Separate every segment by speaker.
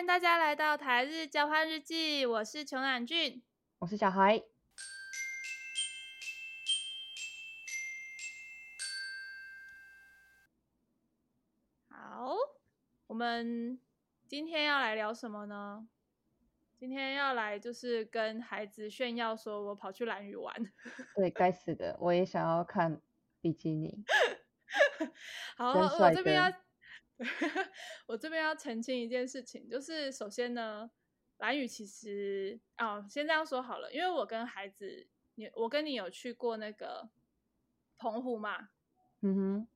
Speaker 1: 歡迎大家來到台日交換日記，我是窮懶蕈，
Speaker 2: 我是小孩。
Speaker 1: 好，我們今天要來聊什麼呢？今天要來就是跟孩子炫耀，說我跑去蘭嶼玩。
Speaker 2: 對，該死的，我也想要看比基尼。
Speaker 1: 好、好、嗯，我這邊要。 我這邊要澄清一件事情，就是首先呢，懶蕈其實啊、哦，先這樣說好了，因為我跟孩子，你我跟你有去過那個澎湖嘛，嗯哼，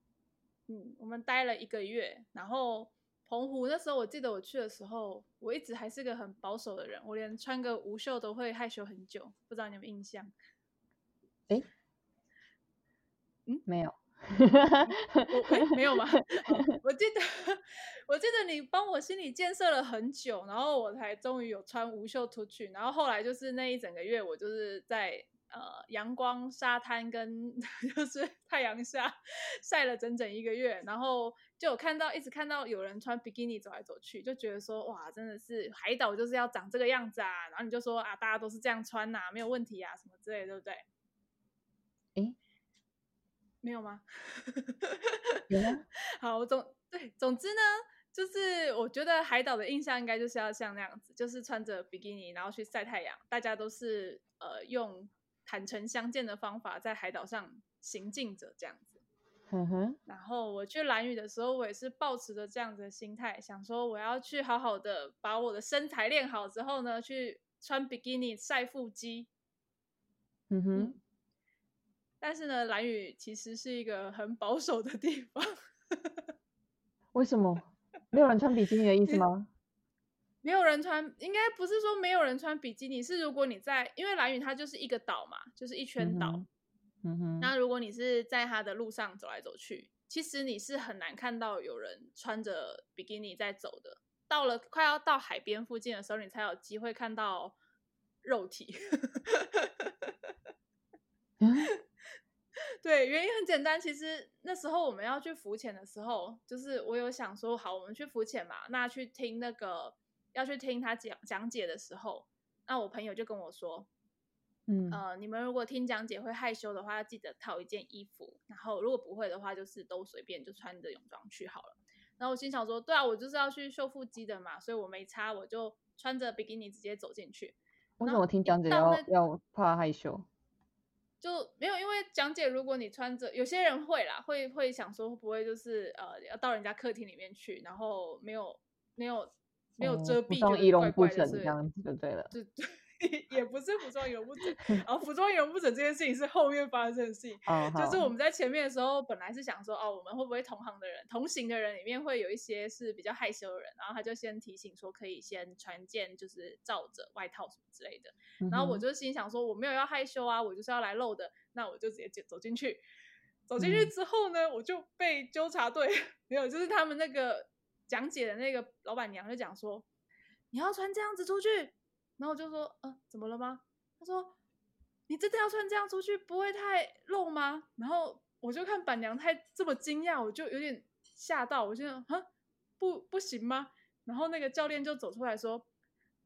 Speaker 1: 嗯，我們待了一個月，然後澎湖那時候我記得我去的時候，我一直還是個很保守的人，我連穿個無袖都會害羞很久，不知道你們印象？
Speaker 2: 哎，嗯，沒有。
Speaker 1: 哈 哈，欸，沒有嗎？哦。我記得，我記得你幫我心理建設了很久，然後我才終於有穿無袖出去。然後後來就是那一整個月，我就是在呃陽光沙灘跟就是太陽下曬了整整一個月。然後就有看到一直看到有人穿比基尼走來走去，就覺得說哇，真的是海島，就是要長這個樣子啊。然後你就說啊，大家都是這樣穿吶，啊，沒有問題啊，什麼之類，對不對？欸沒有嗎？ 有嗎？好，我總對，總之呢，就是我覺得海島的印象應該就是要像那樣子，就是穿着比基尼然後去曬太陽，大家都是呃用坦誠相見的方法在海島上行進着這樣子。
Speaker 2: 嗯哼。
Speaker 1: 然後我去蘭嶼的時候，我也是抱持着這樣子的心態，想說我要去好好的把我的身材練好之後呢，去穿比基尼曬腹肌。
Speaker 2: Uh-huh. 嗯哼。
Speaker 1: 但是呢，蘭嶼其實是一個很保守的地方。
Speaker 2: 為什麼？沒有人穿比基尼的意思嗎？
Speaker 1: 沒有人穿，應該不是說沒有人穿比基尼，是如果你在，因為蘭嶼它就是一個島嘛，就是一圈島。嗯哼，嗯哼。那如果你是在它的路上走來走去，其實你是很難看到有人穿着比基尼在走的。到了快要到海邊附近的時候，你才有機會看到肉體。 嗯 對，原因很簡單，其實那時候我們要去浮潛的時候，就是我有想說，好，我們去浮潛嘛，那去聽那個要去聽他講講解的時候，那我朋友就跟我說，嗯，呃，你們如果聽講解會害羞的話，要記得套一件衣服，然後如果不會的話，就是都隨便就穿着泳裝去好了。然後我心想說，對啊，我就是要去秀腹肌的嘛，所以我沒差，我就穿着比基尼直接走進去。
Speaker 2: 為什麼我聽講解要然後要，要怕害羞？
Speaker 1: 就沒有，因為講解，如果你穿着，有些人會啦，會會想說，不會就是呃，要到人家客廳裡面去，然後沒有沒有沒有遮蔽，就儀容不整，這樣子就對了。 也不是服裝員不准，然 後、哦、服裝員不准。這件事情是後面發生的事情， 就是我們在前面的時候，本來是想說哦，我們會不會同行的人、同行的人裡面會有一些是比較害羞的人，然後他就先提醒說可以先穿件就是罩着外套什麼之類的、嗯，然後我就心想說我沒有要害羞啊，我就是要來露的，那我就直接走走進去，
Speaker 2: 走進去之
Speaker 1: 後呢，嗯、我就被糾察隊沒有，就是他們那個講解的那個老板娘就講說你要穿這樣子出去。然後我就說，嗯、呃，怎麼了嗎？他說，你真的要穿這樣出去，不會太露嗎？然後我就看板娘太這麼驚訝，我就有點嚇到，我就說，哼，不，不行嗎？然後那個教練就走出來說，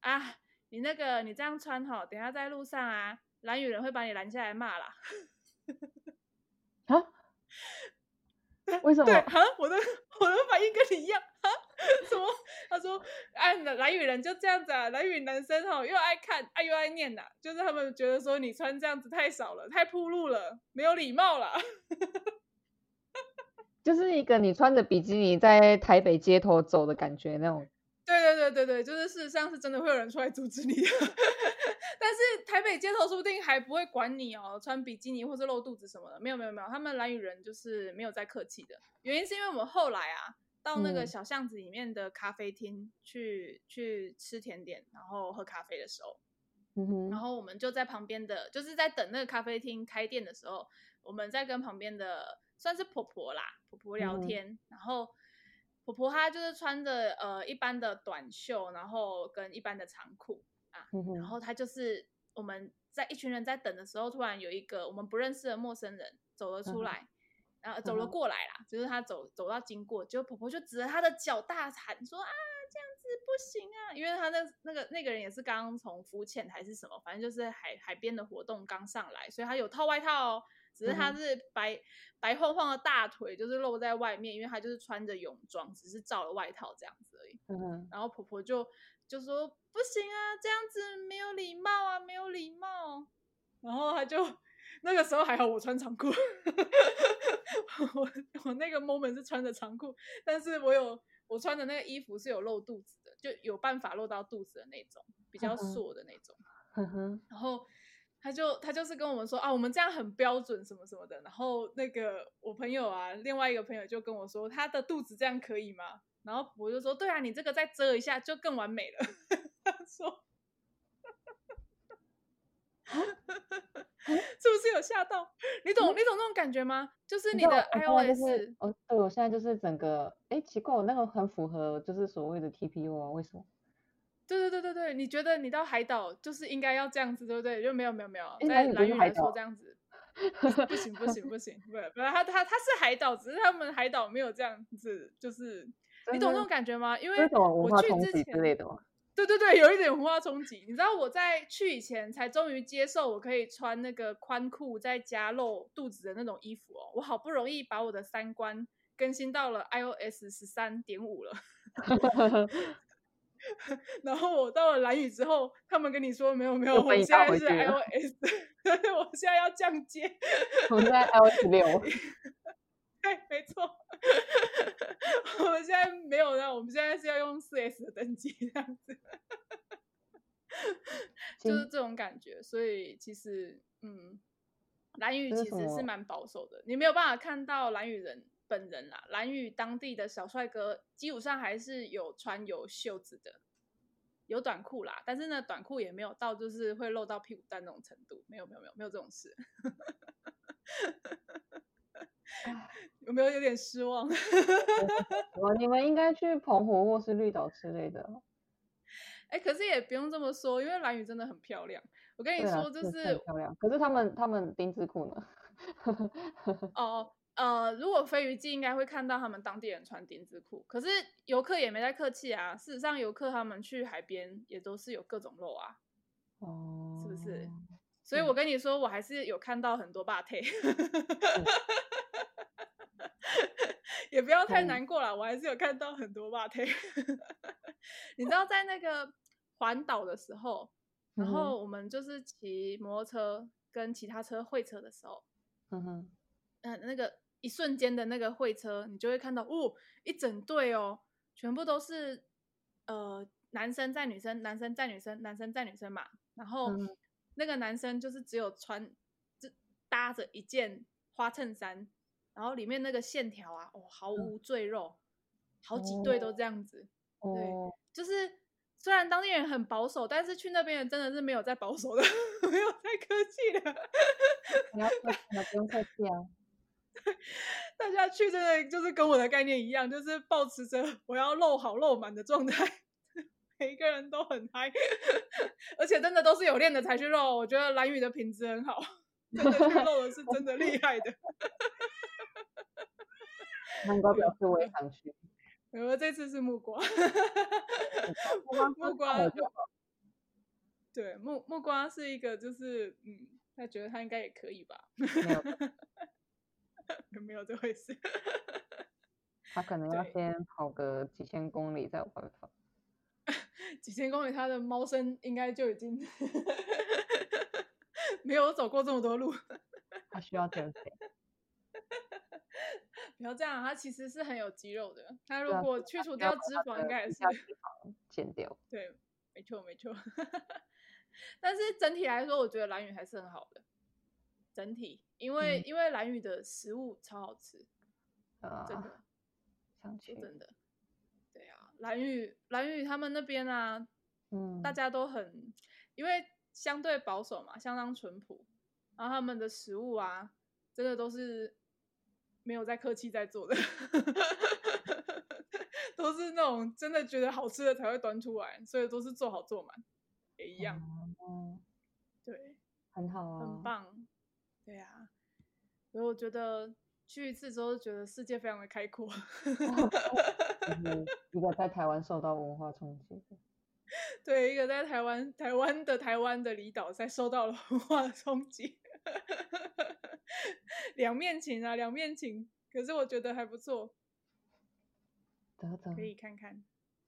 Speaker 1: 啊，你那個你這樣穿好，等下在路上啊，藍雨人會把你攔下來罵啦。 啊？為什麼？對，啊，我的我的反應跟你一樣。什麼？他說，哎、啊，蘭嶼人就這樣子啊，蘭嶼男生、哦、又愛看，啊、又愛念吶、啊，就是他們覺得說你穿這樣子太少了，太暴露了，沒有禮貌了，
Speaker 2: 就是一個你穿着比基尼在台北街頭走的感覺那種。
Speaker 1: 對對對對對，就是事實上是真的會有人出來阻止你的、啊。 但是台北街頭說不定還不會管你哦，穿比基尼或是露肚子什麼的，沒有沒有沒有，他們蘭嶼人就是沒有在客氣的，原因是因為我們後來啊。到那個小巷子裡面的咖啡廳去、嗯、去，去吃甜點，然後喝咖啡的時候、嗯
Speaker 2: 哼，然後
Speaker 1: 我們就在旁邊的，就是在等那個咖啡廳開店的時候，我們在跟旁邊的算是婆婆啦，婆婆聊天，嗯、然後婆婆她就是穿着呃一般的短袖，然後跟一般的長褲啊、嗯，然後她就是我們在一群人在等的時候，突然有一個我們不認識的陌生人走了出來。嗯 Uh -huh. 走了過來啦，就是他走走到經過，結果婆婆就指着他的腳大喊說：“啊，這樣子不行啊！”因為他那那個那個人也是剛剛從浮潛還是什麼，反正就是海海邊的活動剛上來，所以他有套外套哦，只是他是白、Uh -huh. 白晃晃的大腿就是露在外面，因為他就是穿着泳裝，只是罩了外套這樣子而已。Uh -huh. 然後婆婆就就說：“不行啊，這樣子沒有禮貌啊，沒有禮貌。”然後他就。那個時候還好，我穿長褲， 我我那個 moment 是穿着長褲，但是我有我穿的那個衣服是有露肚子的，就有辦法露到肚子的那種，比較瘦的那種呵呵。然後他就他就是跟我們說啊，我們這樣很標準什麼什麼的。然後那個我朋友啊，另外一個朋友就跟我說，他的肚子這樣可以嗎？然後我就說，對啊，你這個再遮一下就更完美了。 他說。 是不是有嚇到、嗯？你懂你懂那種感覺嗎？就是你的 iOS，哦，哦
Speaker 2: 對我現在就是整個，哎，奇怪，我那個很符合，就是所謂的 TPU 啊，為什麼？
Speaker 1: 對對對對對，你覺得你到海島就是應該要這樣子，對不對？就沒有沒有沒有，在蘭嶼海島來說這樣子，不行不行不行，不行，本來他他他,他是海島，只是他們海島沒有這樣子，就是你懂那種感覺嗎？因為文化衝擊之類的嗎？對對對，有一點文化衝擊。你知道我在去以前，才終於接受我可以穿那個寬褲再加露肚子的那種衣服哦。我好不容易把我的三觀更新到了 iOS 十三點五了。 然後我到了藍宇之後，他們跟你說沒有沒有，我現在是 iOS。我， 我現在要降階， 我在 iOS 六。對、欸，沒錯， 我們現在沒有了，我們現在是要用四 S 的登機，這樣子， 就是這種感覺。所以其實，嗯，蘭嶼其實是蠻保守的，你沒有辦法看到蘭嶼人本人啦。藍嶼當地的小帥哥，基本上還是有穿有袖子的，有短褲啦，但是呢，短褲也沒有到就是會露到屁股蛋那種程度，沒有，沒有，沒有，沒有這種事。 有沒有有點失望？
Speaker 2: 我 你們應該去澎湖或是綠島之類的。
Speaker 1: 哎、欸，可是也不用這麼說，因為蘭嶼真的很漂亮。我跟你說，就是、啊、漂
Speaker 2: 亮。可是他們他們丁字褲呢？
Speaker 1: 哦呃，如果飛魚季應該會看到他們當地人穿丁字褲，可是遊客也沒太客氣啊。事實上，遊客他們去海邊也都是有各種肉啊，um... 是不是？所以我跟你說，我還是有看到很多霸腿， 嗯、 也不要太難過了。我還是有看到很多霸腿。 你知道，在那個環島的時候、
Speaker 2: 嗯，然後
Speaker 1: 我們就是騎摩托車跟其他車會車的時候，嗯哼，嗯、呃，那個一瞬間的那個會車，你就會看到，哦，一整隊哦，全部都是呃男生載女生，男生載女生，男生載女生嘛，然後。嗯那個男生就是只有穿，就搭着一件花襯衫，然後裡面那個線條啊，哦，毫無贅肉、嗯，
Speaker 2: 好幾對都這
Speaker 1: 樣子。嗯、對，就是雖然當地人很保守，但是去那邊真的是沒有再保守的，沒有再客氣了。不要，
Speaker 2: 不要，不用客氣啊！
Speaker 1: 大家去真的就是跟我的概念一樣，就是保持着我要露好露滿的狀態。每一個人都很嗨，而且真的都是有練的才去露。我覺得蘭嶼的品質很好，真的去露的是真的厲害的。南 瓜 表示我也想去，不過這次是木瓜。 木瓜，木瓜。對，木木瓜是一個，就是嗯，他覺得他應該也可以吧？沒有， 沒有這回事。
Speaker 2: 他可能要先跑個幾千公里再玩，才有辦法。
Speaker 1: 幾千公里，他的貓身應該就已經 沒有走過這麼多路。
Speaker 2: 他需要減肥。
Speaker 1: 不要這樣，他其實是很有肌肉的。他如果去除掉脂肪，應該也是。
Speaker 2: 減掉。
Speaker 1: 對，沒錯沒錯。 但是整體來說，我覺得蘭嶼還是很好的。整體，因為、嗯、因為蘭嶼的食物超好吃。
Speaker 2: 真
Speaker 1: 的想、呃、真的。藍玉藍雨他們那邊啊，嗯，大家都很，因為相對保守嘛，相當淳樸，然後他們的食物啊，真的都是沒有在客氣在做的， 都是那種真的覺得好吃的才會端出來，所以都是做好做滿也一樣，對，很好、哦、很棒，對呀、啊，所以我覺得。去一次之後，覺得世界非常的開闊。
Speaker 2: 一個在台灣受到文化衝擊，
Speaker 1: 對，一個在台灣台灣的台灣的離島才受到了文化衝擊，兩 面情啊，兩面情。可是我覺得還不錯，
Speaker 2: 可以
Speaker 1: 看看。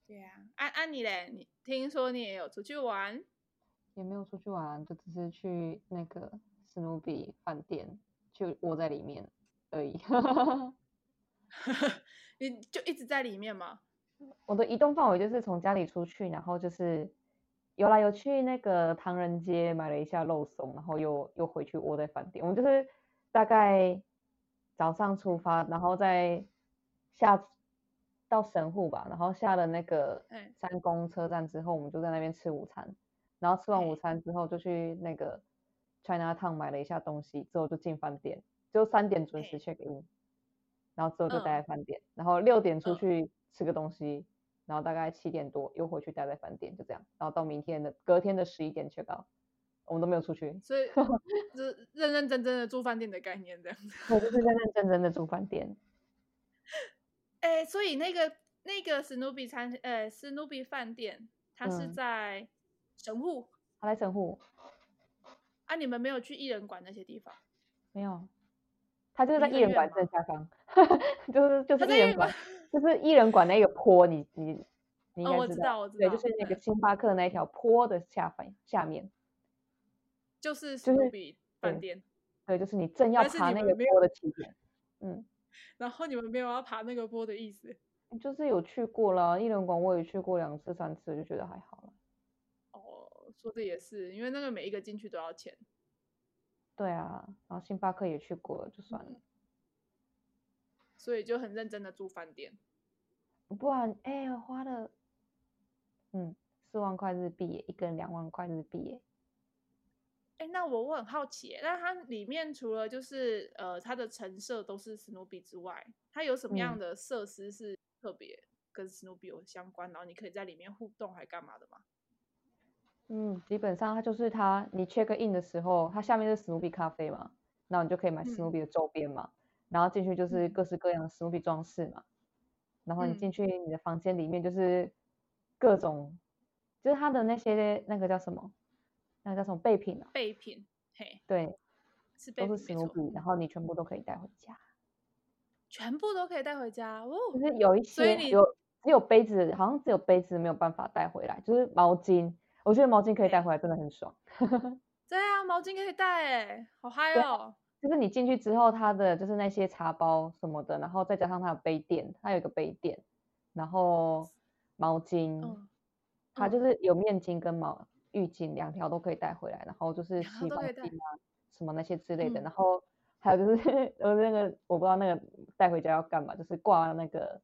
Speaker 1: 對啊，安安妮嘞？你聽說你也有出去玩？
Speaker 2: 也沒有出去玩，就只是去那個史努比飯店，就窩在裡面。
Speaker 1: 而已，你就一直在裡面嗎？
Speaker 2: 我的移動範圍就是從家裡出去，然後就是遊來游去那個唐人街，買了一下肉鬆，然後又又回去窩在飯店。我們就是大概早上出發，然後再下到神戶吧，然後下了那個三宮車站之後，欸，我們就在那邊吃午餐。然後吃完午餐之後，就去那個。欸 China Town 買了一下東西，之後就進飯店，就三點準時 check in，欸、然後之後就待在飯店，嗯，然後六點出去吃個東西，嗯，然後大概七點多，嗯，又回去待在飯店，就這樣，然後到明天的隔天的十一點 check out，我們都沒有出去，
Speaker 1: 所以 就認認真真的住飯店的概念這樣子，我就是認
Speaker 2: 認真真的住飯店，
Speaker 1: 哎，欸，所以那個那個史努比餐呃史努比 o 飯店，它是在神戶，
Speaker 2: 好，嗯，來神戶。
Speaker 1: 啊！你們沒有去異人館那些地方？
Speaker 2: 沒有，他就是在異人館正下方，
Speaker 1: 就是就是異人館，
Speaker 2: 就是異人館那個坡你，你你你應該知道。哦，我知道，我知道，就是那個星巴克那一條坡的下方下面，就是
Speaker 1: 就是索比飯店，
Speaker 2: 還有、就是、就是你正要爬那個坡的起點，嗯。然
Speaker 1: 後你們沒有要爬那個坡的意思？
Speaker 2: 就是有去過了異人館，我也去過兩次三次，就覺得還好。
Speaker 1: 說的也是，因為那個每一個進去都要錢。
Speaker 2: 對啊，然後星巴克也去過了，就算了，嗯。
Speaker 1: 所以就很認真的住飯店，
Speaker 2: 不然哎，花了，嗯，四萬塊日幣，一個人兩萬塊日幣誒，
Speaker 1: 哎，那我我很好奇，那它裡面除了就是呃它的陳設都是史努比之外，它有什麼樣的設施是特別、嗯、跟史努比有相關，然後你可以在裡面互動還幹嘛的嗎？
Speaker 2: 嗯，基本上它就是它，你 check in 的時候，它下面是 Snoopy 咖啡嘛，然後你就可以買 Snoopy 的周邊嘛、嗯，然後進去就是各式各樣的 Snoopy 裝飾嘛、嗯，然後你進去你的房間裡面就是各種，嗯、就是它的那些那個叫什麼，那個叫什麼備品啊？
Speaker 1: 備品，嘿，
Speaker 2: 對，是備品，都是 Snoopy，然後你全部都可以帶回家，
Speaker 1: 全部都可以帶回家哦，就是有一些有，
Speaker 2: 有只有杯子，好像只有杯子沒有辦法帶回來，就是毛巾。我覺得毛巾可以帶回來，真的很爽。
Speaker 1: 對啊，毛巾可以帶、欸，好嗨哦、啊！
Speaker 2: 就是你進去之後，它的就是那些茶包什麼的，然後再加上它有杯墊，它有一個杯墊，然後毛巾
Speaker 1: ，oh. Oh. 它就是
Speaker 2: 有面巾跟毛浴巾兩條都可以帶回來，然後就是洗澡巾啊什麼那些之類的，oh. Oh. 然後還有就是呃那個我不知道那個帶回家要幹嘛，就是掛那個。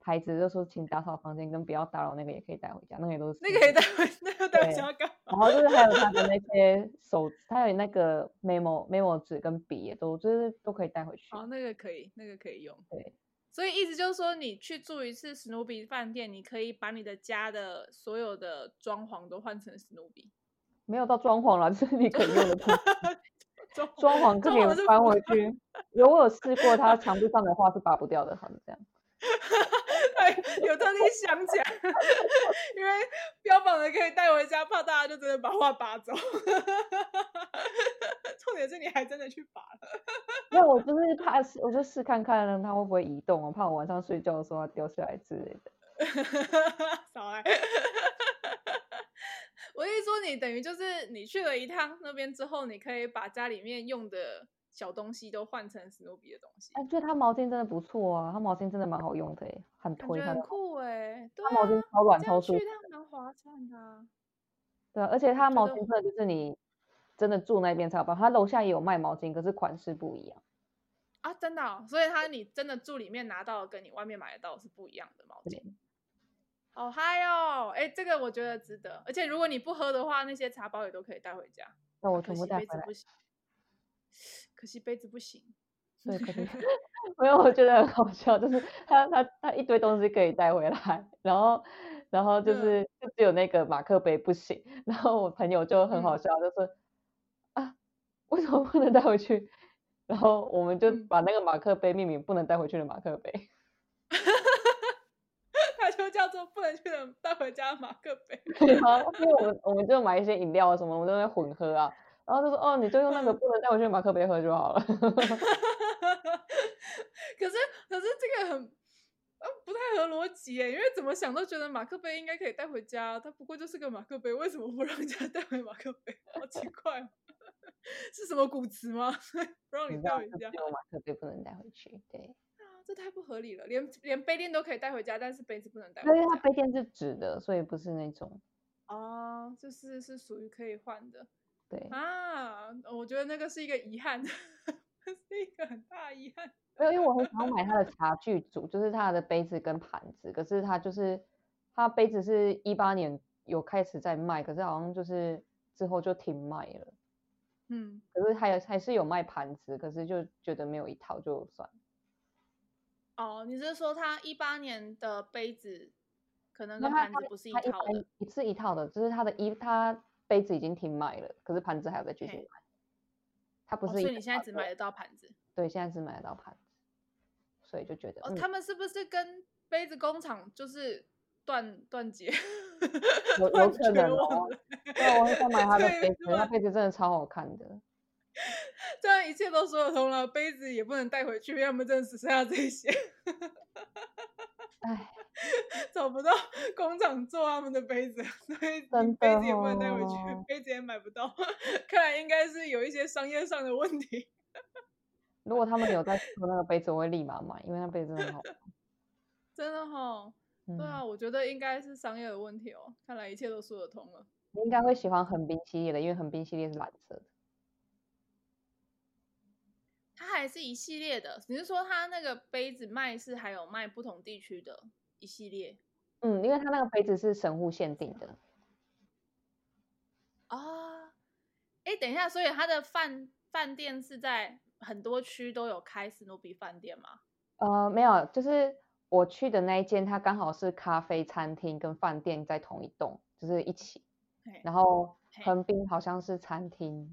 Speaker 2: 牌子，就說請打掃房間跟不要打擾，那個也可以帶回家，那個也都
Speaker 1: 是，那個也帶回，那個帶回家要幹嘛？然後就是還有他的那些
Speaker 2: 手，他 有那個 memo memo 紙跟筆也都，就是都可以帶回去。
Speaker 1: 哦，那個可以，那個可以用。
Speaker 2: 對，
Speaker 1: 所以意思就是說，你去住一次 Snoopy 飯店，你可以把你的家的所有的裝潢都換成 Snoopy。
Speaker 2: 沒有到裝潢啦，就是你可以用的 裝潢。
Speaker 1: 裝潢裝潢可以搬回去，
Speaker 2: 如果，我有試過它，它牆壁上的畫是拔不掉的，好像這樣。
Speaker 1: 哈哈，有特地想起來，因為標榜的可以帶回家，怕大家就真的把話拔走。 重點是你還真的去拔
Speaker 2: 了。那我就是怕試，我就試看看他它會不會移動，我怕我晚上睡覺的時候要掉下來之類的。 少來！
Speaker 1: 我一說你等於就是你去了一趟那邊之後，你可以把家裡面用的。小東西都換成史努比的東
Speaker 2: 西。哎、欸，對，他毛巾真的不錯啊，他毛巾真的蠻好用的、欸、很推很
Speaker 1: 酷哎、欸。對，他毛巾超軟、啊、超舒服。划算的。
Speaker 2: 滑的啊、對、啊、而且它的毛巾真的就是你真的住那邊才好，它樓下也有賣毛巾，可是款式不一樣。
Speaker 1: 啊，真的、哦，所以他你真的住裡面拿到跟你外面買得到的是不一樣的毛巾。好嗨、oh, 哦，哎、欸，這個我覺得值得，而且如果你不喝的話，那些茶包也都可以帶回家。
Speaker 2: 那我全部帶回來。
Speaker 1: 可惜杯子不行，是可惜。沒有，我覺得很
Speaker 2: 好笑，就是他他他一堆東西可以帶回來，然後然後就是、嗯、就只有那個馬克杯不行，然後我朋友就很好笑，就是啊為什麼不能帶回去？然後我們就把那個馬克杯命名不能帶回去的馬克杯，嗯、
Speaker 1: 他就叫做不能去的帶回
Speaker 2: 家的馬克杯。好，啊，我們我們就買一些飲料啊什麼，我們都會混合啊。然後他說：“哦，你就用那個不能帶回去的馬克杯喝就好了。 ”
Speaker 1: 可是，可是這個很、啊、不太合邏輯耶，因為怎麼想都覺得馬克杯應該可以帶回家，它不過就是個馬克杯，為什麼不讓人家帶回馬克杯？好、啊、奇怪！ 是什麼古瓷嗎？ 不讓你帶回家。
Speaker 2: 馬克杯不能帶回去，
Speaker 1: 對。啊，這太不合理了，連連杯墊都可以帶回家，但是杯子不能帶回家。因為
Speaker 2: 它杯墊是紙的，所以不是那種。哦、
Speaker 1: 啊，就是是屬於可以換的。對啊，我覺得那個是一個遺憾的，
Speaker 2: 是一個很大的遺憾。沒有，因為我很喜歡買他的茶具組，就是他的杯子跟盤子。可是他就是他杯子是一八年有開始在賣，可是好像就是之後就停賣了。嗯。可是還有還是有賣盤子，可是就覺得沒有一套就算。
Speaker 1: 哦，你是說他一八年的杯子可能跟盤
Speaker 2: 子不是一套的，一套一是一套的，就是他的衣他。杯子已經停賣了，可是盤子還有再繼續、okay. 它不是、哦，所以你現在只買得到盤子。對，現在只買得到盤子，
Speaker 1: 所以就覺得、哦嗯、他們是不是跟杯子工廠就是斷斷絕？
Speaker 2: 有有可能、哦 。
Speaker 1: 對，我很想買他的杯子，那杯
Speaker 2: 子真的超好看的。
Speaker 1: 這樣一切都說得通了，杯子也不能帶回去，因為我們真的只剩下這些。哎。 找不到工廠做他們的杯子，所以杯子也不能帶回去，哦，杯子也買不到。看來應該是有一些商業上的問題。
Speaker 2: 如果他們有在做那個杯子， 我會立馬買，因為那杯子很好。
Speaker 1: 真的哈，哦？對啊，嗯，我覺得應該是商業的問題哦。看來一切都說得通了。
Speaker 2: 你應該會喜歡橫冰系列的，因為橫冰系列是藍色的。
Speaker 1: 它還是一系列的，只是說它那個杯子賣是還有賣不同地區的。
Speaker 2: 一系列，嗯，因為它那個杯子是神戶限定的，
Speaker 1: 啊、哦，哎、欸，等一下，所以它的飯飯店是在很多區都有開史努比飯店嗎？
Speaker 2: 呃，沒有，就是我去的那一間，它剛好是咖啡餐廳跟飯店在同一棟，就是一起。然後橫濱好像是餐廳，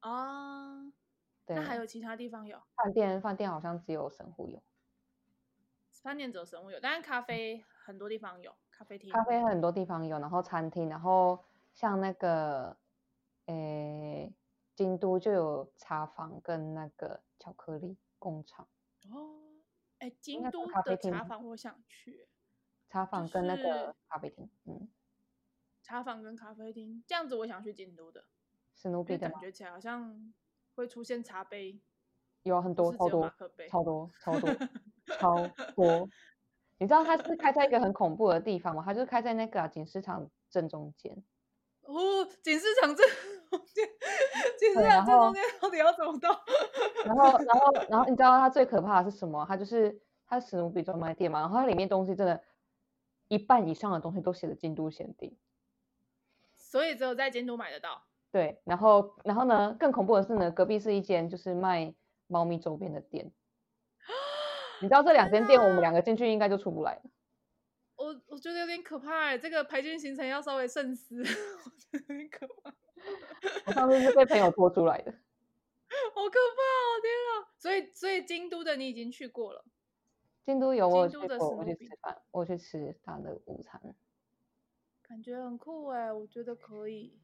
Speaker 1: 啊，對、嗯。那還有其他地方有
Speaker 2: 飯店？飯店好像只有神戶有。
Speaker 1: 三年只有生物有，但是咖啡很多地方有咖啡廳，咖啡很多地
Speaker 2: 方有，然後餐廳，然後像那個，誒，京都就有茶房跟那個巧克力工廠。哦，哎，
Speaker 1: 京都的茶房我想去，我想去，就
Speaker 2: 是，茶房跟那個咖啡廳，嗯，
Speaker 1: 茶房跟咖啡廳這樣子，我想去京都的，
Speaker 2: 史努比的感覺
Speaker 1: 起來好像會出現茶杯，
Speaker 2: 有很多有超多，超多超多。 超多，你知道它是開在一個很恐怖的地方嗎？它就是開在那個、啊、錦市場正中間，
Speaker 1: 哦，錦市場正中間，錦市場正中間到底要怎麼到？然後，然後，然後，你知
Speaker 2: 道它最可怕的是什麼？它就是它史努比專賣店嘛，然後它裡面東西真的，一半以上的東西都寫着京都限定，
Speaker 1: 所以只有在京都買得到。
Speaker 2: 對，然後，然後呢，更恐怖的是呢，隔壁是一間就是賣貓咪周邊的店。你知道這兩間店、啊，我們兩個進去應該就出不來了，
Speaker 1: 我我覺得有點可怕哎、欸，這個排進行程，要稍微慎思，我覺得有點可
Speaker 2: 怕。我上次是被朋友拖出來的，
Speaker 1: 好可怕、哦！我天啊！所以所以京都的你已經去過了，
Speaker 2: 京都有，我有京都的，我去吃飯，我去吃他的午餐，
Speaker 1: 感覺很酷哎、欸，我覺得可以。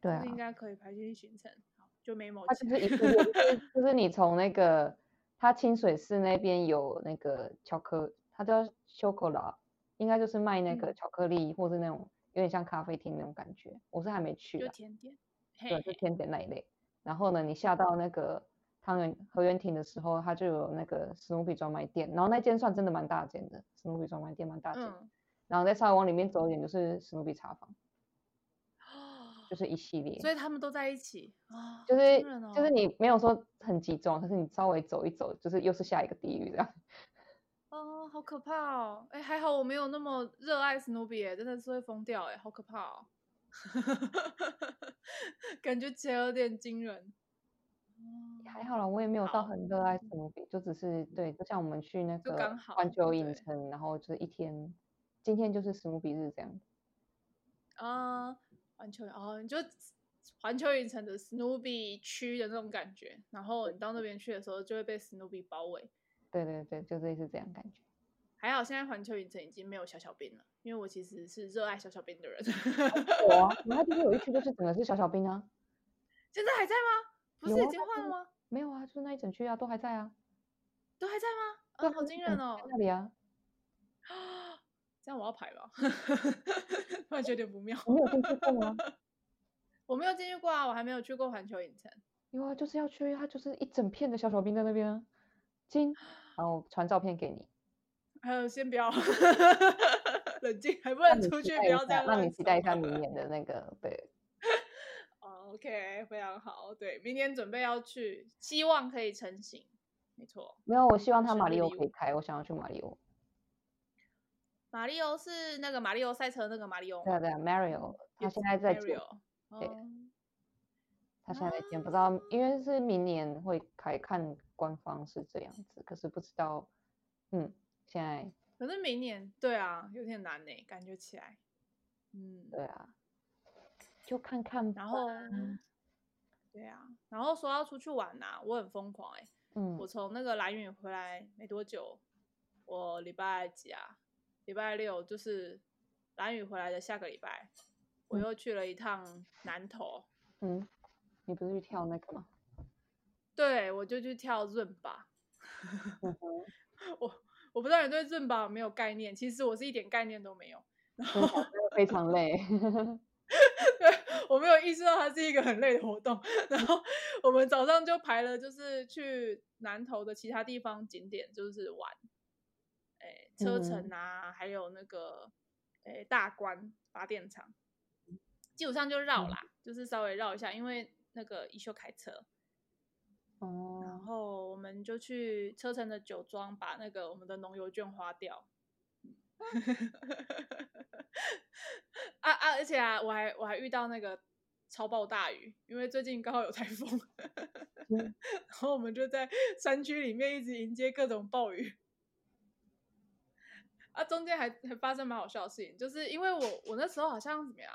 Speaker 2: 對啊，我應
Speaker 1: 該可以排進行程，好就沒毛
Speaker 2: 病。一就，、就是、就是你從那個。 他清水寺那邊有那個巧克力，他叫 chocolat，應該就是賣那個巧克力，或是那種、嗯、有點像咖啡廳那種感覺。我是還沒去啦。就甜
Speaker 1: 點。對，就
Speaker 2: 甜點那一類嘿嘿。然後呢，你下到那個湯圓河原町的時候，它就有那個史努比專賣店，然後那間算真的蠻大間的，史、嗯、努比專賣店蠻大間。然後再稍微往裡面走一點，就是史努比茶房。就是一系列，所以他
Speaker 1: 們都在一起啊、哦，就是、哦、就是你
Speaker 2: 沒有說很集中，可是你稍微走一走，就是又是下一個地獄這樣，
Speaker 1: 啊、哦，好可怕哦！哎、欸，還好我沒有那麼熱愛史努比，哎，真的是會瘋掉、欸，哎，好可怕哦， 感覺有點驚人、嗯
Speaker 2: 欸，還好了，我也沒有到很熱愛史努比，就只是對，就像我們去那個環球影城，然後就是一天，今天就是史努比日這樣，
Speaker 1: 啊、嗯。環球，然後你就環球影城的 Snoopy 區的那種感覺，然後你到那邊去的時候，就會被 Snoopy 包圍。
Speaker 2: 對對對，就類、是、似這樣感覺。
Speaker 1: 還好，現在環球影城已經沒有小小兵了，因為我其實是熱愛小小兵的人。
Speaker 2: 有啊，哪 邊有一區就是整個是小小兵啊？
Speaker 1: 現在還在嗎？不是已經換了
Speaker 2: 嗎、啊？沒有啊，就是那一整區啊，都還在啊。
Speaker 1: 都還在嗎？這、嗯、好驚人哦！嗯、在那裡啊。那我要排了，突然覺得不妙。我沒有進去， 去過啊，我還沒有去過環球影城。
Speaker 2: 有啊，就是要去，他就是一整片的小小兵在那邊、啊。金，然後傳照片給你。
Speaker 1: 還、呃、有先不要， 冷靜，還不能出去標。這樣，讓你期
Speaker 2: 待一下明年的那個對。哦
Speaker 1: ，OK，非常好。對，明年準備要去，希望可以成型。沒錯，
Speaker 2: 沒有，我希望他馬里歐可以開，我想要去馬里歐。
Speaker 1: 馬里奧是那個馬里奧賽車那個馬里奧，對啊
Speaker 2: 對啊，Mario，他現在在，對，他現在在建、嗯嗯，不知道，因為是明年會開，看官方是這樣子，啊，可是不知道，嗯，現在，
Speaker 1: 反正明年，對啊，有點難哎，欸，感覺起來，嗯，對啊，就看看，然後，對啊，然後說要出去玩吶，啊，我很瘋狂哎，欸，嗯，我從那個蘭嶼回來沒多久，我禮拜幾啊？禮拜六就是蘭嶼回來的下個禮拜、嗯，我又去了一趟南投。嗯，
Speaker 2: 你不是去跳那個嗎？
Speaker 1: 對，我就去跳倫巴。 我我不知道你對倫巴沒有概念，其實我是一點概念都沒有。
Speaker 2: 然後嗯、然後非常累， 對，
Speaker 1: 我沒有意識到它是一個很累的活動。然後我們早上就排了，就是去南投的其他地方景點，就是玩。欸、車城啊、嗯，還有那個、欸、大關發電廠，基本上就繞啦、嗯，就是稍微繞一下，因為那個一秀開車哦、嗯，然後我們就去車城的酒莊把那個我們的農遊券花掉，嗯、 啊啊，而且啊，我還我還遇到那個超暴大雨，因為最近剛好有台風，嗯、 然後我們就在山區裡面一直迎接各種暴雨。啊，中間還還發生蠻好笑的事情，就是因為我我那時候好像怎麼樣，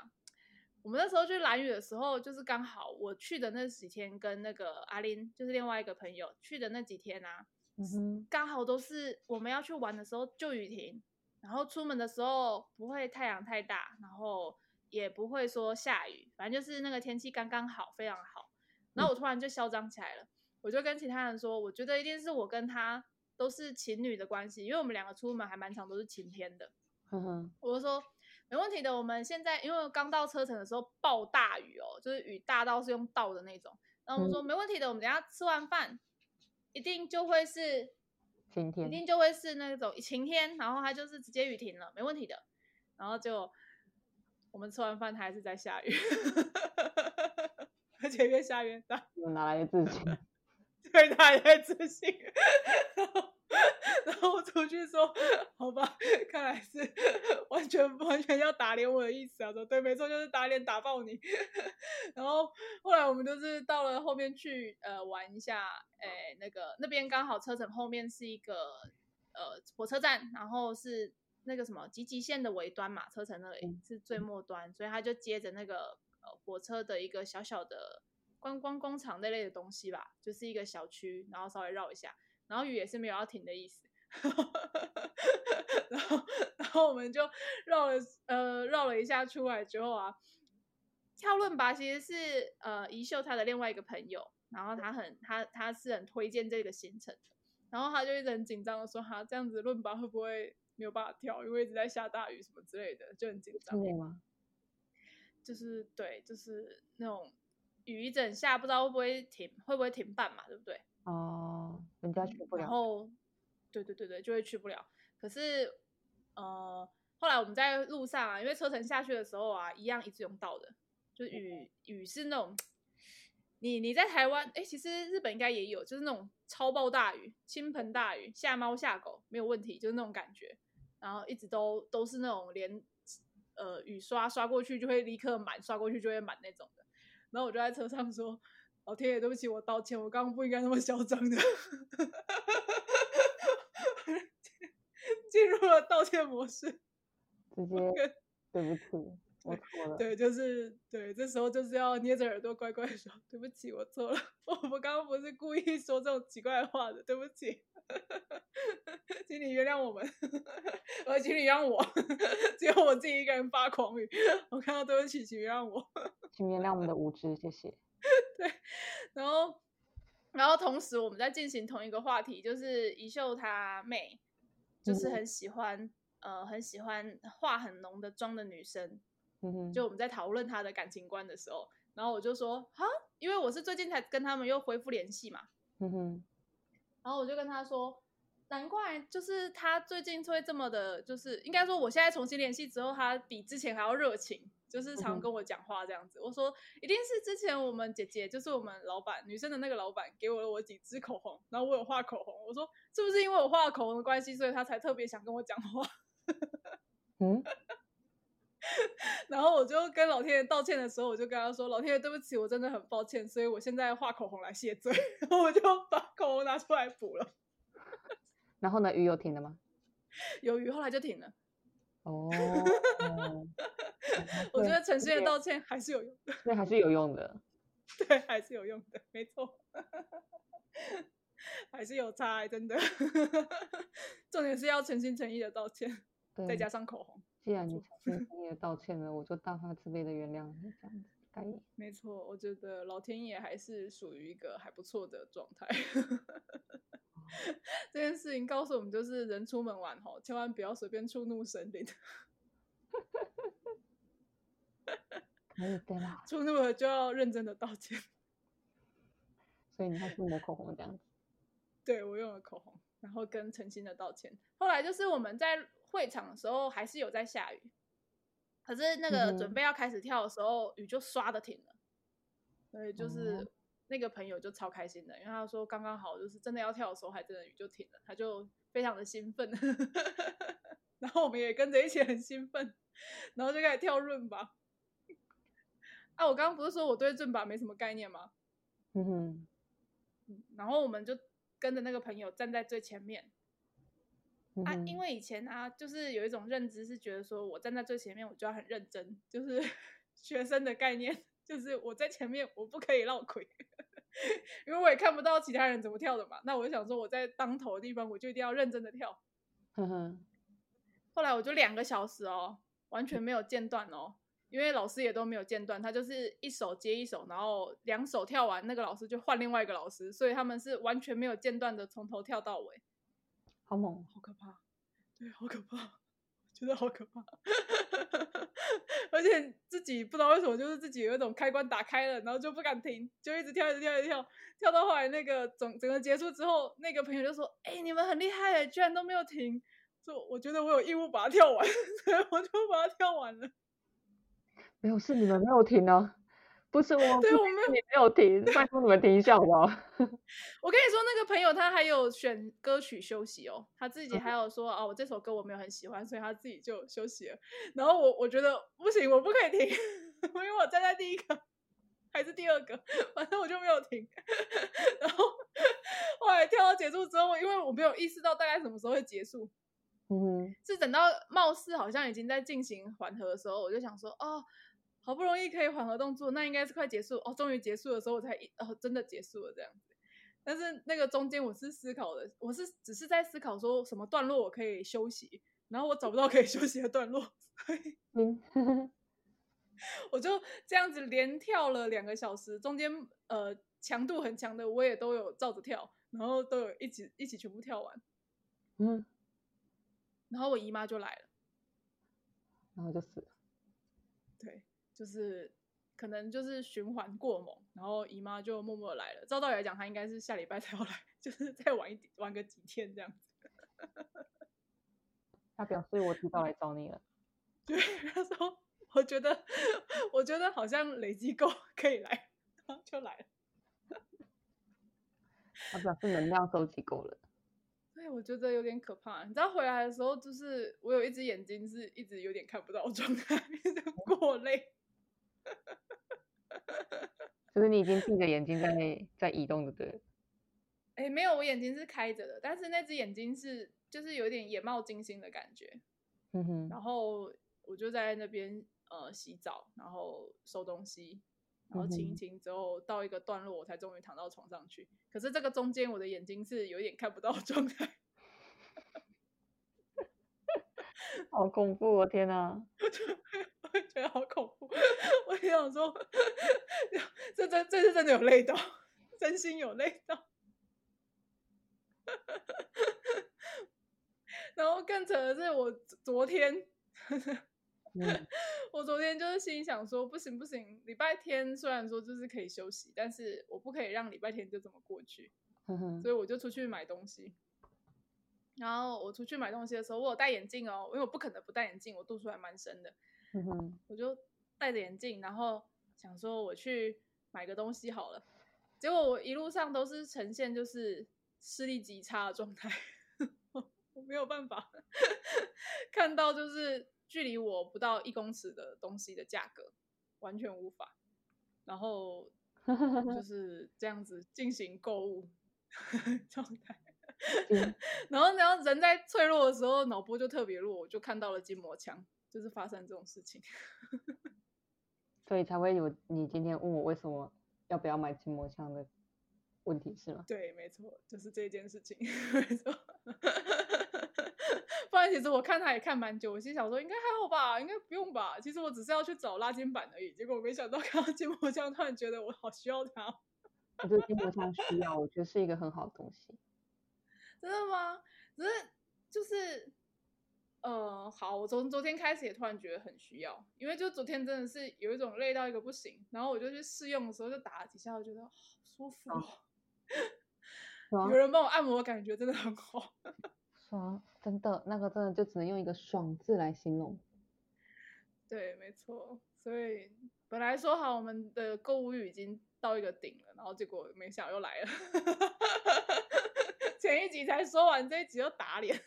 Speaker 1: 我們那時候去蘭嶼的時候，就是剛好我去的那幾天，跟那個阿琳，就是另外一個朋友去的那幾天啊、嗯哼，剛好都是我們要去玩的時候就雨停，然後出門的時候不會太陽太大，然後也不會說下雨，反正就是那個天氣剛剛好，非常好。然後我突然就囂張起來了，我就跟其他人說，我覺得一定是我跟他。都是情侶的關係，因為我們兩個出門還蠻常，都是晴天的。呵呵，我就說沒問題的，我們現在因為剛到車程的時候暴大雨哦，就是雨大到是用倒的那種。那我們說、嗯、沒問題的，我們等下吃完飯一定就會是晴天，一定就會是那種晴天，然後它就是直接雨停了，沒問題的。然後就我們吃完飯它還是在下雨，而且越下越大。拿來自己。對他也很自信然後，然後出去說：“好吧，看來是完全不完全要打臉我的意思啊！”說對，沒錯，就是打臉打爆你。然後後來我們就是到了後面去呃玩一下，哎，那個那邊剛好車埕後面是一個呃火車站，然後是那個什麼集集線的尾端嘛，車埕那裡是最末端，所以他就接着那個火車的一個小小的。觀光工廠那類的東西吧，就是一個小區，然後稍微繞一下，然後雨也是沒有要停的意思， 然後然後我們就繞了呃繞了一下，出來之後啊，跳倫巴其實是呃一秀他的另外一個朋友，然後他很他他是很推薦這個行程，然後他就一直很緊張的說，哈、啊、這樣子倫巴會不會沒有辦法跳，因為一直在下大雨什麼之類的，就很緊張。對嗎？就是對，就是那種。雨一整下，不知道會不會停，會不會停半嘛，對不對？
Speaker 2: 哦、呃，人家去不了。然後，
Speaker 1: 對對對對，就會去不了。可是，呃，後來我們在路上啊，因為車程下去的時候啊，一樣一直用倒的。就雨雨是那種，你你在台灣，哎，其實日本應該也有，就是那種超暴大雨，傾盆大雨，下貓下狗沒有問題，就是那種感覺。然後一直都都是那種連，連呃雨刷刷過去就會立刻滿，刷過去就會滿那種的。然後我就在車上說：“老天爺，對不起，我道歉，我剛剛不應該那麼囂張的， 進入了道歉模式，直
Speaker 2: 接對不起。”
Speaker 1: 我錯了對，就是對，這時候就是要捏着耳朵乖乖說：“對不起，我錯了，我們剛剛不是故意說這種奇怪的話的，對不起， 請你原諒我們。 ”我請你原諒我， 只有我自己一個人發狂語。 我看到對不起，請原諒我，
Speaker 2: 請你原諒我們的無知，謝謝。對，
Speaker 1: 然後，然後同時我們在進行同一個話題，就是怡秀她妹，就是很喜歡、嗯，呃，很喜歡化很濃的妝的女生。就我們在討論他的感情觀的時候，然後我就說啊，因為我是最近才跟他們又恢復聯繫嘛，嗯哼，然後我就跟他說，難怪就是他最近會這麼的，就是應該說我現在重新聯繫之後，他比之前還要熱情，就是常跟我講話這樣子。嗯、我說一定是之前我們姐姐，就是我們老闆女生的那個老闆，給我了我幾支口紅，然後我有畫口紅，我說是不是因為我畫了口紅的關係，所以他才特別想跟我講話？ 嗯。 然後我就跟老天爺道歉的時候，我就跟他說：“老天爺，對不起，我真的很抱歉，所以我現在畫口紅來謝罪。”然後我就把口紅拿出來補了。
Speaker 2: 然後呢，雨有停了嗎？
Speaker 1: 有雨後來就停了哦。哦、嗯。 我覺得誠心的道歉還是有用的，對對
Speaker 2: 有用的，對。對，還是有用的。對，
Speaker 1: 對還是有用的，沒錯。 還是有差，真的。 重點是要誠心誠意的道歉，再加上口紅。
Speaker 2: 既然你誠心誠意的道歉了， 我就大發慈悲的原諒你這
Speaker 1: 樣子。沒錯，我覺得老天爺還是屬於一個還不錯的狀態。 哦，這件事情告訴我們，就是人出門玩吼，千萬不要隨便觸怒神靈。 可以，對吧？觸怒了就要認真的道歉。
Speaker 2: 所以你還是抹口紅這樣子？
Speaker 1: 對，我用了口紅，然後跟誠心的道歉。後來就是我們在。會場的時候還是有在下雨，可是那個準備要開始跳的時候，嗯、雨就唰的停了，所以就是那個朋友就超開心的，因為他說剛剛好就是真的要跳的時候，還真的雨就停了，他就非常的興奮， 然後我們也跟着一起很興奮，然後就開始跳倫巴。啊，我剛剛不是說我對倫巴沒什麼概念嗎？嗯
Speaker 2: 哼
Speaker 1: 嗯，然後我們就跟着那個朋友站在最前面。啊，因為以前啊，就是有一種認知是覺得說，我站在最前面，我就要很認真，就是學生的概念，就是我在前面，我不可以落漆 因為我也看不到其他人怎麼跳的嘛。那我就想說，我在當頭的地方，我就一定要認真的跳。呵呵。後來我就兩個小時哦，完全沒有間斷哦，因為老師也都沒有間斷，他就是一手接一手，然後兩手跳完，那個老師就換另外一個老師，所以他們是完全沒有間斷的，從頭跳到尾。好猛，哦，好可怕，對，好可怕，覺得好可怕， 而且自己不知道為什麼，就是自己有一種開關打開了，然後就不敢停，就一直跳，一直跳，一直跳，跳到後來那個總整個結束之後，那個朋友就說：“哎，欸，你們很厲害誒，居然都沒有停。”就我覺得我有義務把它跳完，所以我就把它跳完了。
Speaker 2: 沒有，是你們沒有停呢，啊。不是我 對，你沒有停，拜託你們停一下吧。
Speaker 1: 我跟你說，那個朋友他還有選歌曲休息哦，他自己還有說啊、嗯哦，我這首歌我沒有很喜歡，所以他自己就休息了。然後我我覺得不行，我不可以停， 因為我站在第一個還是第二個，反正我就沒有停。 然後後來跳到結束之後，因為我沒有意識到大概什麼時候會結束，嗯，嗯，是等到貌似好像已經在進行緩和的時候，我就想說哦。好不容易可以緩和動作，那應該是快結束哦。終於結束的時候，我才一哦，真的結束了這樣子。但是那個中間我是思考的，我是只是在思考說什麼段落我可以休息，然後我找不到可以休息的段落， 我就這樣子連跳了兩個小時。中間呃強度很強的我也都有照着跳，然後都有一起一起全部跳完。嗯。然後我姨媽就來了，
Speaker 2: 然後就死了。
Speaker 1: 就是可能就是循環過猛，然後姨媽就默默來了。照道理來講，她應該是下禮拜才要來，就是再晚一點，晚個幾天這樣子。
Speaker 2: 她表示我提早來找你了。對，
Speaker 1: 她說我覺得我覺得好像累積夠可以來，然後就來
Speaker 2: 了。她表示能量收集夠了。
Speaker 1: 對，我覺得有點可怕啊。你知道回來的時候，就是我有一隻眼睛是一直有點看不到我狀態，過累。
Speaker 2: 就 是，是你已經閉着眼睛在那在移動的對
Speaker 1: 哎、欸，沒有，我眼睛是開着的，但是那只眼睛是就是有一點眼冒金星的感覺。
Speaker 2: 嗯、然
Speaker 1: 後我就在那邊、呃、洗澡，然後收東西，然後清一清之後到一個段落，我才終於躺到床上去。可是這個中間我的眼睛是有一點看不到狀態。
Speaker 2: 好恐怖，哦！我天哪，啊！
Speaker 1: 覺 得好恐怖，我想說， 這真這次真的有累到，真心有累到。 然後更扯的是，我昨天， mm. 我昨天就是心想說，不行不行，禮拜天雖然說就是可以休息，但是我不可以讓禮拜天就這麼過去，mm -hmm. 所以我就出去買東西。然後我出去買東西的時候，我有戴眼鏡哦，因為我不可能不戴眼鏡，我度數還蠻深的。我就戴着眼鏡，然後想說我去買個東西好了。結果我一路上都是呈現就是視力極差的狀態，呵呵，我沒有辦法看到就是距離我不到一公尺的東西的價格，完全無法。然後就是這樣子進行購物狀態。然後、嗯、然後人在脆弱的時候腦波就特別弱，我就看到了筋膜槍。就是發生這種事情，
Speaker 2: 所以才會有你今天問我為什麼要不要買筋膜槍的問題，是嗎？對，
Speaker 1: 沒錯，就是這件事情。沒錯， 不然其實我看他也看蠻久，我心想說應該還好吧，應該不用吧。其實我只是要去找拉筋板而已，結果我沒想到看到筋膜槍，突然覺得我好需要它。
Speaker 2: 我覺得筋膜槍需要，我覺得是一個很好的東西。
Speaker 1: 真的嗎？只是，就是。嗯，好，我從昨天開始也突然覺得很需要，因為就昨天真的是有一種累到一個不行，然後我就去試用的時候就打了幾下，我覺得好舒服，哦、有人幫我按摩，感覺真的很好，啊，
Speaker 2: 真的，那個真的就只能用一個“爽”字來形容。
Speaker 1: 對，沒錯，所以本來說好我們的購物欲已經到一個頂了，然後結果沒想又來了， 前一集才說完，這一集又打臉。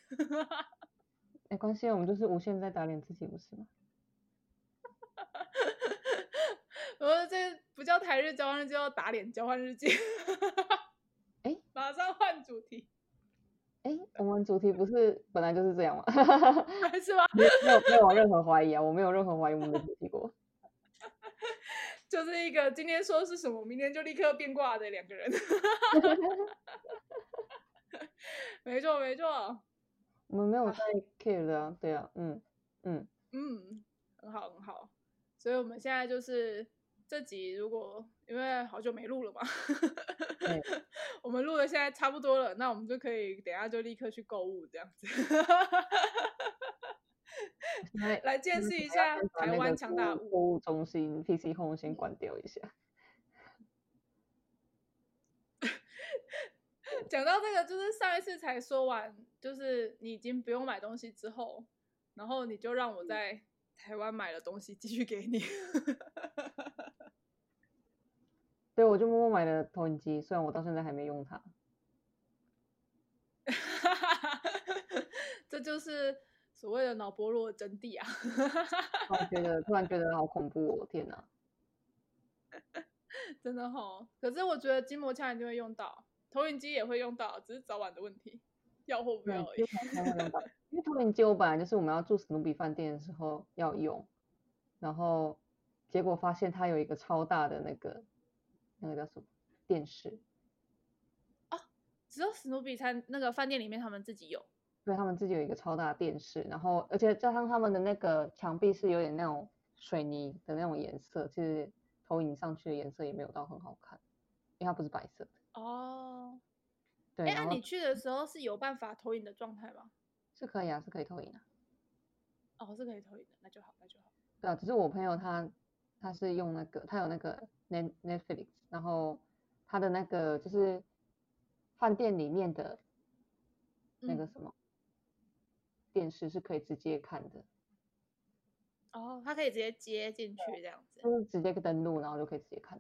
Speaker 2: 沒關係，我們就是無限在打臉自己，不是嗎？
Speaker 1: 我 說這個，不叫台日交換日記，這叫打臉交換日記。哎、 欸，馬上換主題。哎、
Speaker 2: 欸，我們主題不是本來就是這樣嗎？
Speaker 1: 還是嗎？沒有，沒有，沒有
Speaker 2: 任何懷疑啊，我沒有任何懷疑，我們的主題過。
Speaker 1: 就是一個今天說的是什麼，明天就立刻變卦的兩個人。 沒錯，沒錯。
Speaker 2: 我們沒有帶 care 啊，啊對啊，嗯嗯
Speaker 1: 嗯，很好很好，所以我們現在就是這集，如果因為好久沒錄了嘛，嗯、 我們錄的現在差不多了，那我們就可以等一下就立刻去購物這樣子，來 來見識一下台灣強大
Speaker 2: 購物中心 PC Home 先關掉一下。
Speaker 1: 講到這個，就是上一次才說完，就是你已經不用買東西之後，然後你就讓我在台灣買了東西繼續給你。
Speaker 2: 對，我就默默買了投影機，雖然我到現在還沒用它。
Speaker 1: 這就是所謂的腦波弱的真諦啊！
Speaker 2: 我、 哦、覺得突然覺得好恐怖哦，天哪！
Speaker 1: 真的吼、哦，可是我覺得筋膜槍一定會用到。投影機也會用到，只是早晚的問題，要或不要，用
Speaker 2: 因為投影機我本來就是我們要住史努比飯店的時候要用，然後結果發現它有一個超大的那個那個叫什麼電視，
Speaker 1: 啊，只有史努比餐那個飯店裡面他們自己有，
Speaker 2: 對，他們自己有一個超大的電視，然後而且加上他們的那個牆壁是有點那種水泥的那種顏色，其實投影上去的顏色也沒有到很好看，因為它不是白色。
Speaker 1: 哦、oh.，對那、啊、你去的時候是有辦法投影的狀態嗎？是
Speaker 2: 可以啊，是可以投影的、啊。哦、oh,，是可以投影的，
Speaker 1: 那就好，
Speaker 2: 那就好。對啊，只是我朋友他他是用那個，他有那個 Net, Netflix，然後他的那個就是飯店裡面的那個什麼電視是可以直接看的。哦、嗯，oh,
Speaker 1: 他可以直接接進去、oh. 這
Speaker 2: 樣子。就是直接登錄，然後就可以直接看。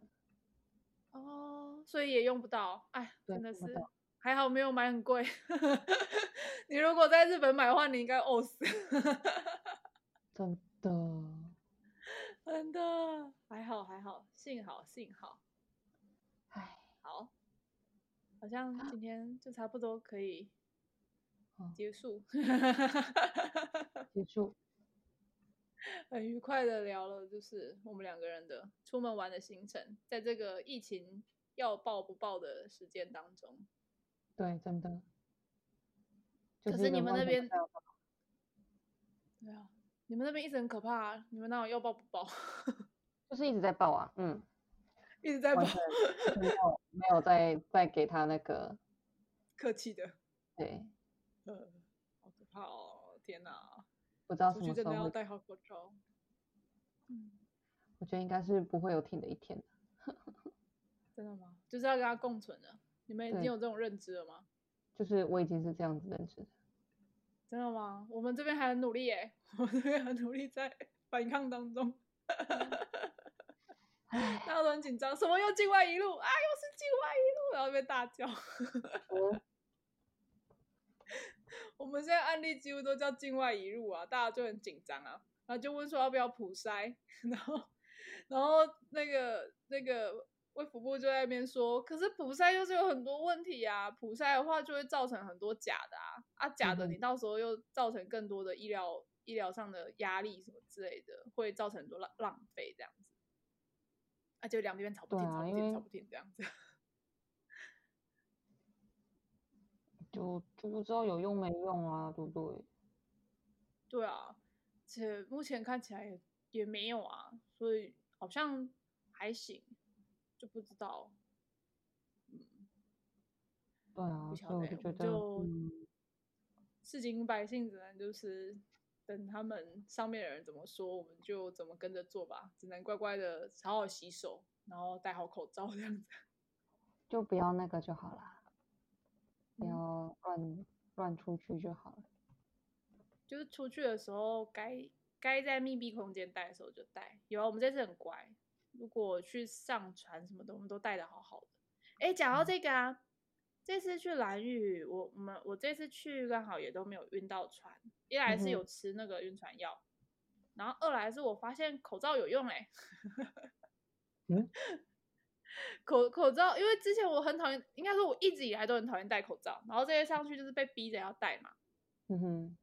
Speaker 2: 哦、oh.。
Speaker 1: 所以也用不到，哎，真的是真的，還好沒有買很貴。 你如果在日本買的話，你應該嘔、哦、死。
Speaker 2: 真的，
Speaker 1: 真的，還好還好，幸好幸好。哎，好，好像今天就差不多可以結束， 結束，很愉快的聊了，就是我們兩個人的出門玩的行程，在這個疫情要爆不爆的時間當中，
Speaker 2: 對，真的。就是、可是你們那邊，
Speaker 1: 對啊，你們那邊一直很可怕、啊。你們那要爆不爆？
Speaker 2: 就 是一直在爆啊，嗯，一直在爆。沒有沒有在， 在給他那個客氣的，對，
Speaker 1: 好、呃、可怕哦，天哪、啊，不知道什麼時候要戴
Speaker 2: 好口罩。嗯，我覺得應該是不會有停的一天的。
Speaker 1: 真的嗎？就是要跟他共存的？你們已經有這種認知了嗎？
Speaker 2: 就是我已經是這樣子認知。真
Speaker 1: 的嗎？我們這邊還很努力耶、欸，我們這邊很努力在反抗當中。嗯、 大家都很緊張，什麼又境外移入啊？又是境外移入，然後被大叫、 嗯。我們現在案例幾乎都叫境外移入啊，大家就很緊張啊，然後就問說要不要普篩，然後然後那個那個。衛福部就在那邊說，可是普篩又是有很多問題啊，普篩的話就會造成很多假的啊啊假的，你到時候又造成更多的醫療醫療上的壓力什麼之類的，會造成很多浪浪費這樣子，啊就兩邊吵，吵不停，吵不停，
Speaker 2: 吵不停這樣子，就就不知道有用沒用啊，對不對？
Speaker 1: 對啊，且目前看起來也，也沒有啊，所以好像還行。就不知道，嗯，對啊，不
Speaker 2: 曉得，所以我覺得我
Speaker 1: 就、嗯，市井百姓只能就是等他們上面的人怎麼說，我們就怎麼跟着做吧。只能乖乖的好好洗手，然後戴好口罩這樣子，
Speaker 2: 就不要那個就好了，不要亂、嗯、亂出去就好了。
Speaker 1: 就是出去的時候，該該在密閉空間戴的時候就戴。有、啊，我們這次很乖。如果去上船什麼的，我們都帶的好好的。哎，講到這個啊，嗯、這次去蘭嶼，我們我這次去剛好也都沒有暈到船，一來是有吃那個暈船藥、嗯，然後二來是我發現口罩有用哎、欸， 嗯，口口罩，因為之前我很討厭，應該說我一直以來都很討厭戴口罩，然後這些上去就是被逼着要戴嘛，嗯哼，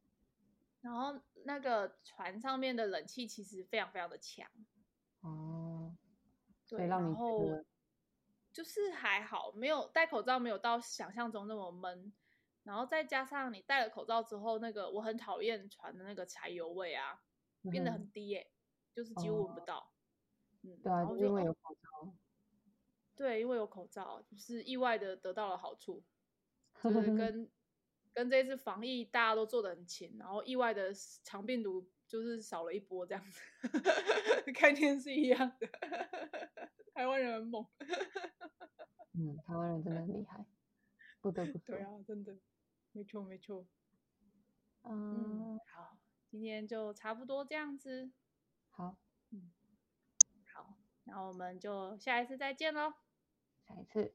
Speaker 1: 然後那個船上面的冷氣其實非常非常的強。對，然後就是還好，沒有戴口罩，沒有到想象中那麼悶。然後再加上你戴了口罩之後，那個我很討厭船的那個柴油味啊，變得很低耶，欸嗯，就是幾乎聞不到。哦，
Speaker 2: 嗯，對啊，因為有口
Speaker 1: 罩。對，因為有口罩，就是意外的得到了好處。就
Speaker 2: 是
Speaker 1: 跟 跟這次防疫大家都做的很勤，然後意外的是腸病毒。就是少了一波這樣子，看電視一樣的，台灣人很猛，
Speaker 2: 嗯，台灣人真的很厲害，不得不說，對
Speaker 1: 啊，真的，沒錯沒錯，uh, 嗯，好，今天就差不多這樣子，
Speaker 2: 好，
Speaker 1: 嗯，好，那我們就下一次再見嘍，
Speaker 2: 下一次，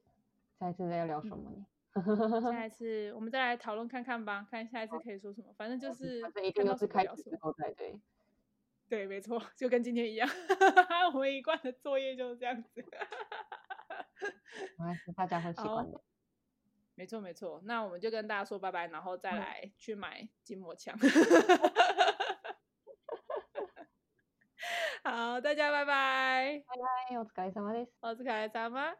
Speaker 2: 下一次要聊什麼呢？嗯下
Speaker 1: 一次我們再來討論看看吧，看下一次可以說什麼。反正就是，反正一看都是開課之後才對，對，沒錯，就跟今天一樣， 我們一貫的作業就是這樣子。我還是大家會喜歡的。沒錯沒錯，那我們就跟大家說拜拜，然後再來去買筋膜槍。 好，大家
Speaker 2: 拜拜。拜拜，お疲れ様です。お疲れ様。